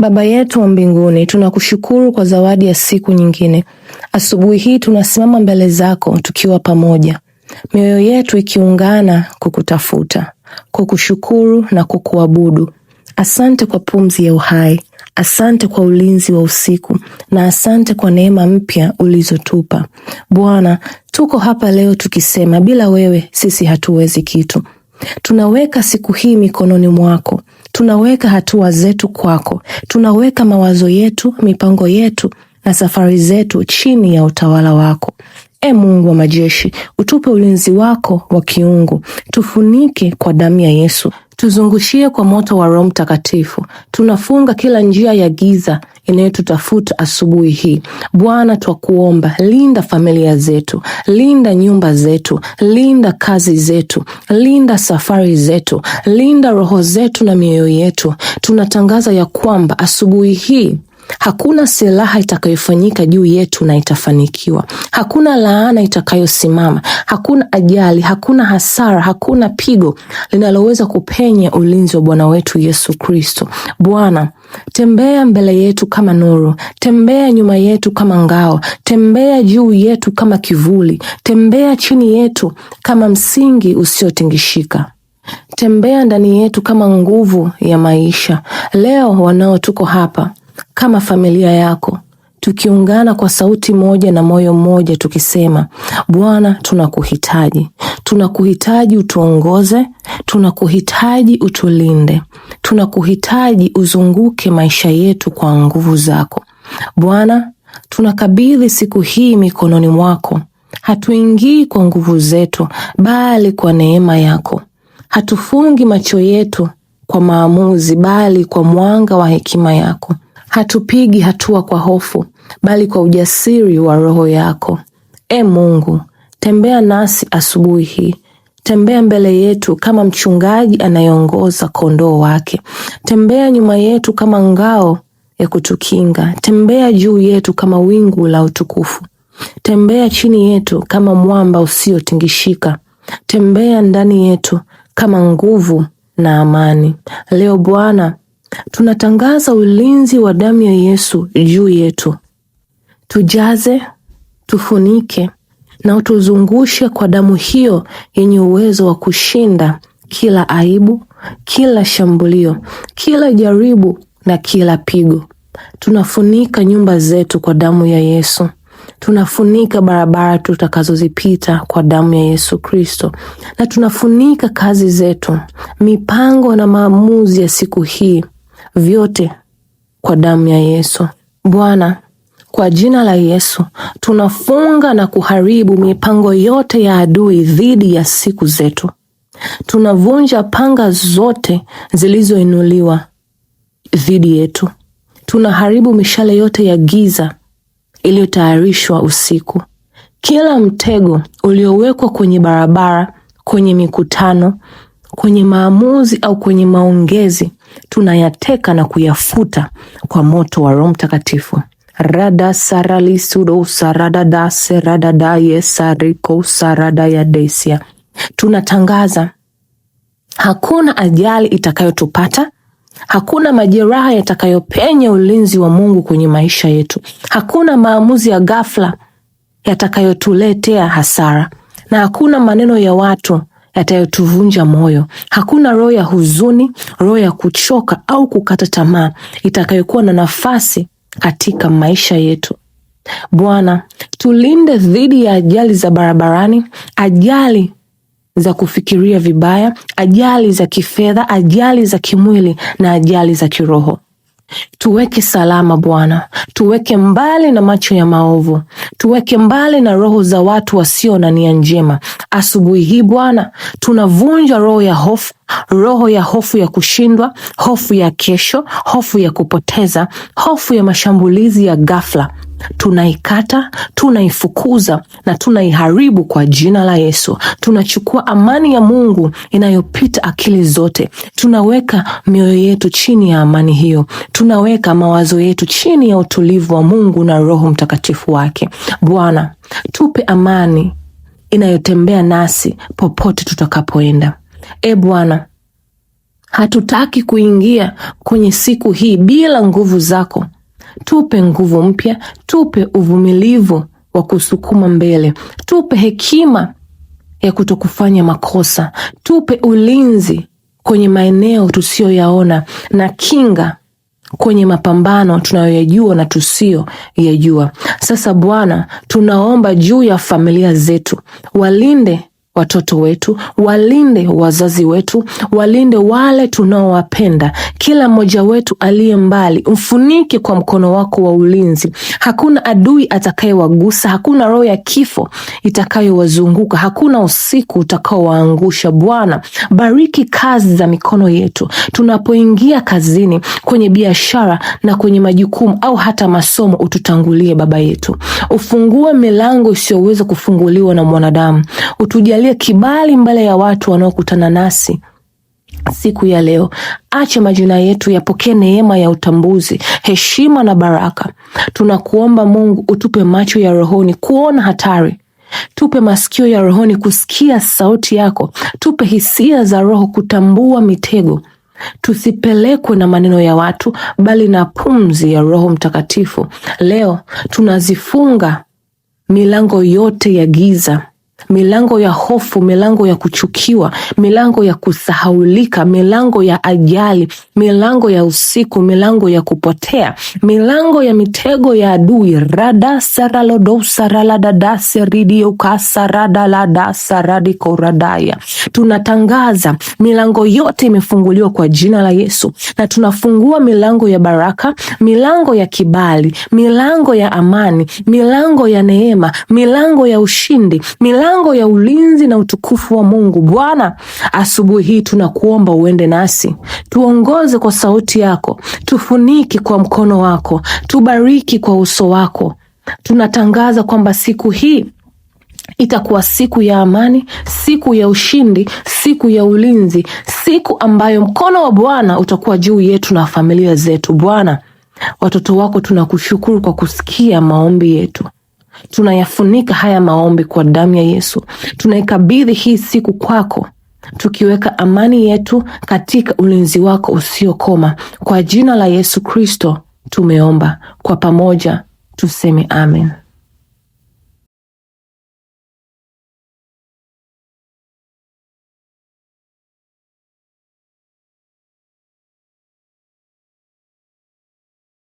Baba yetu wa mbinguni, tunakushukuru kwa zawadi ya siku nyingine. Asubuhi hii tunasimama mbele zako tukiwa pamoja, mioyo yetu ikiungana kukutafuta, kukushukuru na kukuabudu. Asante kwa pumzi ya uhai, asante kwa ulinzi wa usiku, na asante kwa neema mpya ulizotupa Bwana. Tuko hapa leo tukisema, bila wewe sisi hatuwezi kitu. Tunaweka siku hii mikononi mwako tunaweka hatua zetu kwako, tunaweka mawazo yetu, mipango yetu na safari zetu chini ya utawala wako. E Mungu wa majeshi, utupe ulinzi wako wa kiungu, tufunike kwa damu ya Yesu. Tuzungushie kwa moto wa Roho Mtakatifu. Tunafunga kila njia ya giza inayotutafuta asubuhi hii. Bwana, twakuomba, linda familia zetu, linda nyumba zetu, linda kazi zetu, linda safari zetu, linda roho zetu na mioyo yetu. Tunatangaza ya kwamba asubuhi hii Hakuna silaha itakayofanyika juu yetu na itafanikiwa. Hakuna laana itakayosimama, hakuna ajali, hakuna hasara, hakuna pigo linaloweza kupenya ulinzi wa Bwana wetu Yesu Kristo. Bwana, tembea mbele yetu kama nuru, tembea nyuma yetu kama ngao, tembea juu yetu kama kivuli, tembea chini yetu kama msingi usiotingishika tembea ndani yetu kama nguvu ya maisha. Leo wanao tuko hapa kama familia yako, tukiungana kwa sauti moja na moyo mmoja, tukisema Bwana, tunakuhitaji, tunakuhitaji utuongoze, tunakuhitaji utulinde, tunakuhitaji uzunguke maisha yetu kwa nguvu zako. Bwana, tunakabidhi siku hii mikononi mwako. Hatuingii kwa nguvu zetu, bali kwa neema yako. Hatufungi macho yetu kwa maamuzi, bali kwa mwanga wa hekima yako. Hatupigi hatua kwa hofu, bali kwa ujasiri wa Roho yako. E Mungu, tembea nasi asubuhi hii. Tembea mbele yetu kama mchungaji anayeongoza kondoo wake. Tembea nyuma yetu kama ngao ya kutukinga. Tembea juu yetu kama wingu la utukufu. Tembea chini yetu kama mwamba usiotingishika. Tembea ndani yetu kama nguvu na amani. Leo Bwana, Tunatangaza ulinzi wa damu ya Yesu juu yetu. Tujaze, tufunike na utuzungushe kwa damu hiyo yenye uwezo wa kushinda kila aibu, kila shambulio, kila jaribu na kila pigo. Tunafunika nyumba zetu kwa damu ya Yesu. Tunafunika barabara tutakazozipita kwa damu ya Yesu Kristo, na tunafunika kazi zetu, mipango na maamuzi ya siku hii vyote kwa damu ya Yesu. Bwana, kwa jina la Yesu tunafunga na kuharibu mipango yote ya adui dhidi ya siku zetu. Tunavunja panga zote zilizoinuliwa dhidi yetu. Tunaharibu mishale yote ya giza iliyotayarishwa usiku, kila mtego uliowekwa kwenye barabara, kwenye mikutano, kwenye maamuzi au kwenye maongezi tunayateka na kuyafuta kwa moto wa Roho Mtakatifu. rada sarali sudo sarada dase rada daye sariko sarada ya desia. Tunatangaza hakuna ajali itakayotupata, hakuna majeraha yatakayopenya ulinzi wa Mungu kwenye maisha yetu, hakuna maamuzi ya ghafla yatakayotuletea hasara, na hakuna maneno ya watu yatayotuvunja moyo. Hakuna roho ya huzuni, roho ya kuchoka au kukata tamaa itakayokuwa na nafasi katika maisha yetu. Bwana, tulinde dhidi ya ajali za barabarani, ajali za kufikiria vibaya, ajali za kifedha, ajali za kimwili na ajali za kiroho. Tuweke salama Bwana, tuweke mbali na macho ya maovu, tuweke mbali na roho za watu wasio na nia njema. Asubuhi hii Bwana, tunavunja roho ya hofu, roho ya hofu ya kushindwa, hofu ya kesho, hofu ya kupoteza, hofu ya mashambulizi ya ghafla tunaikata, tunaifukuza na tunaiharibu kwa jina la Yesu. Tunachukua amani ya Mungu inayopita akili zote, tunaweka mioyo yetu chini ya amani hiyo, tunaweka mawazo yetu chini ya utulivu wa Mungu na Roho Mtakatifu wake. Bwana, tupe amani inayotembea nasi popote tutakapoenda. E Bwana, hatutaki kuingia kwenye siku hii bila nguvu zako tupe nguvu mpya, tupe uvumilivu wa kusukuma mbele, tupe hekima ya kutokufanya makosa, tupe ulinzi kwenye maeneo tusiyoyaona na kinga kwenye mapambano tunayoyajua na tusiyoyajua. Sasa Bwana, tunaomba juu ya familia zetu, walinde watoto wetu, walinde wazazi wetu, walinde wale tunaowapenda, kila mmoja wetu aliye mbali, mfunike kwa mkono wako wa ulinzi. Hakuna adui atakayewagusa, hakuna roho ya kifo itakayowazunguka, hakuna usiku utakaowaangusha. Bwana, bariki kazi za mikono yetu, tunapoingia kazini, kwenye biashara na kwenye majukumu au hata masomo, ututangulie Baba yetu, ufungue milango isiyoweza kufunguliwa na mwanadamu, utujalie tuangalie kibali mbele ya watu wanaokutana nasi siku ya leo. Ache majina yetu yapokee neema ya utambuzi, heshima na baraka. Tunakuomba Mungu utupe macho ya rohoni kuona hatari tupe masikio ya rohoni kusikia sauti yako, tupe hisia za roho kutambua mitego. Tusipelekwe na maneno ya watu, bali na pumzi ya Roho Mtakatifu. Leo tunazifunga milango yote ya giza milango ya hofu, milango ya kuchukiwa, milango ya kusahaulika, milango ya ajali, milango ya usiku, milango ya kupotea, milango ya mitego ya adui radasaralodosaradadaseridiokasaradaladasaradikodaya. Tunatangaza milango yote imefunguliwa kwa jina la Yesu, na tunafungua milango ya baraka, milango ya kibali, milango ya amani, milango ya neema, milango ya ushindi, milango milango ya ulinzi na utukufu wa Mungu. Bwana, asubuhi hii tunakuomba uende nasi, tuongoze kwa sauti yako, tufunike kwa mkono wako, tubariki kwa uso wako. Tunatangaza kwamba siku hii itakuwa siku ya amani, siku ya ushindi, siku ya ulinzi, siku ambayo mkono wa Bwana utakuwa juu yetu na familia zetu. Bwana, watoto wako tunakushukuru kwa kusikia maombi yetu tunayafunika haya maombi kwa damu ya Yesu. Tunaikabidhi hii siku kwako, tukiweka amani yetu katika ulinzi wako usiokoma. Kwa jina la Yesu Kristo tumeomba kwa pamoja, tuseme amen.